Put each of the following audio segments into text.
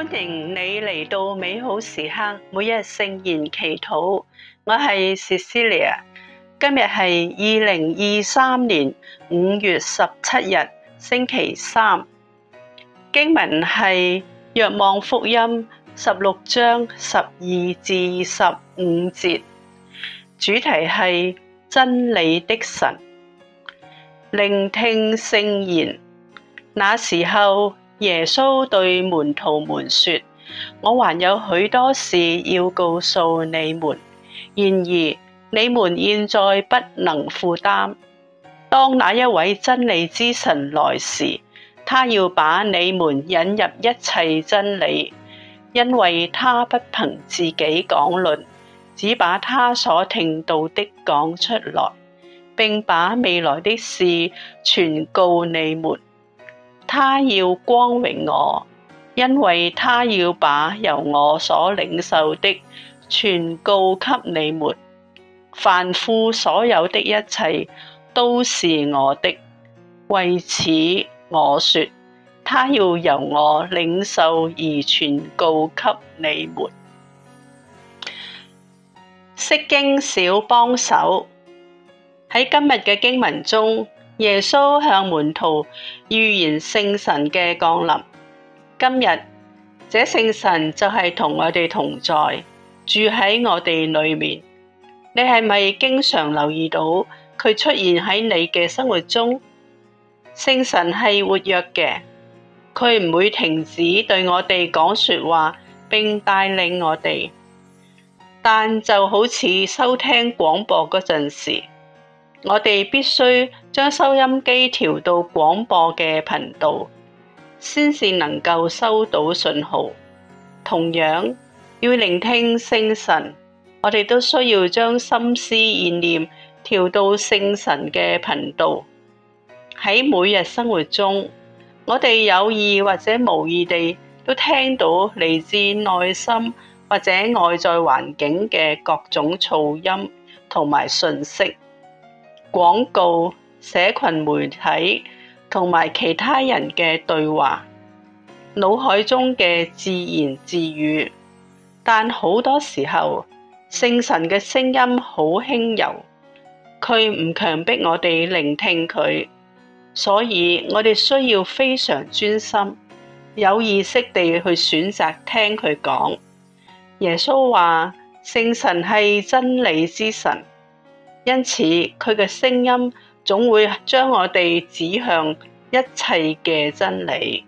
歡迎你嚟到美好時刻，每日聖言祈禱。我係 Cecilia，今日係二零二三年五月十七日星期三。經文係《若望福音》十六章十二至十五節，主題係真理的神。聆聽聖言，那時候。耶穌對門徒們說：我還有許多事要告訴你們，然而你們現在不能負擔。當那一位真理之神來時，他要把你們引入一切真理，因為他不憑自己講論，只把他所聽到的講出來，并把未來的事傳告你們。他要光榮我，因為他要把由我所領受的，傳告給你們。凡父所有的一切，都是我的，為此我說，他要由我領受而傳告給你們。釋經小幫手喺今日嘅經文中。耶穌向門徒預言聖神嘅降臨。今日，這聖神就係同我哋同在，住喺我哋裏面。你係咪經常留意到佢出現喺你嘅生活中？聖神係活躍嘅，佢唔會停止對我哋講說話，並帶領我哋。但就好似收聽廣播嗰陣時，我哋必須。將收音機調到廣播嘅頻道，先至能夠收到信號。同樣要聆聽聖神，我哋都需要將心思意念調到聖神嘅頻道。社群媒體同埋其他人嘅對話，腦海中嘅自言自語，但好多時候聖神嘅聲音好輕柔，佢唔強迫我哋聆聽佢，所以我哋需要非常專心，有意識地去選擇聽佢講。耶穌話聖神係真理之神，因此佢嘅聲音，總會將我哋指向一切嘅真理，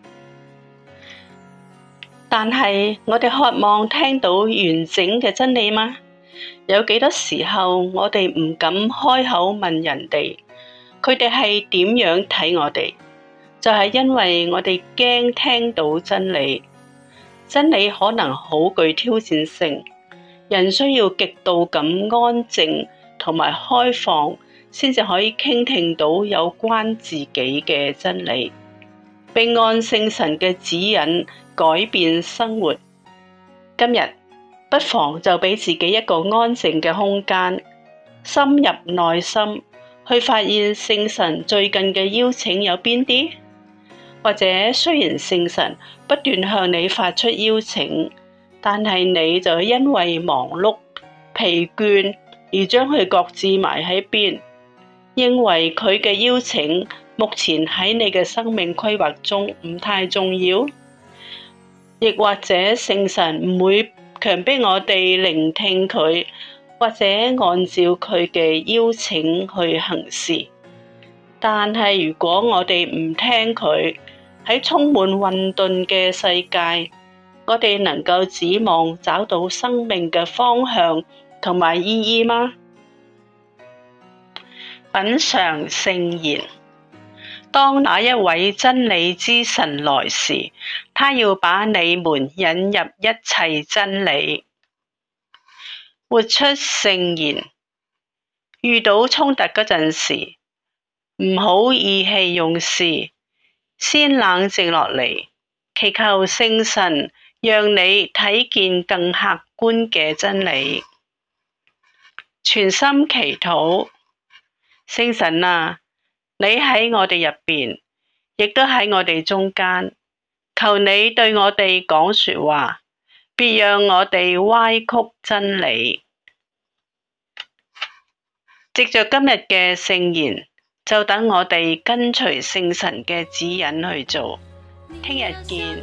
但係我哋渴望聽到完整嘅真理嗎？有幾多時候我哋唔敢開口問人哋，佢哋係點樣睇我哋？就係因為我哋驚聽到真理，真理可能好具挑戰性，人需要極度咁安靜同埋開放。先至可以傾聽到有關自己嘅真理，並按聖神嘅指引改變生活。今日不妨就俾自己一個安靜嘅空間，深入內心去發現聖神最近嘅邀請有邊啲，或者雖然聖神不斷向你發出邀請，但係你就因為忙碌、疲倦而將佢擱置喺邊。認為佢嘅邀請目前喺你嘅生命規劃中唔太重要，亦或者聖神唔會強迫我哋聆聽佢，或者按照佢嘅邀請去行事。但係如果我哋唔聽佢，喺充滿混沌嘅世界，我哋能夠指望找到生命嘅方向同埋意義嗎？品嚐聖言。當那一位真理之神來時，他要把你們引入一切真理。活出聖言。遇到衝突嗰陣時，唔好意氣用事，先冷靜落嚟，祈求聖神讓你睇見更客觀嘅真理。全心祈禱。聖神啊，你喺我哋入邊，亦都喺我哋中間，求你對我哋講說話，別讓我哋歪曲真理。藉着今日嘅聖言，就等我哋跟隨聖神嘅指引去做。聽日見。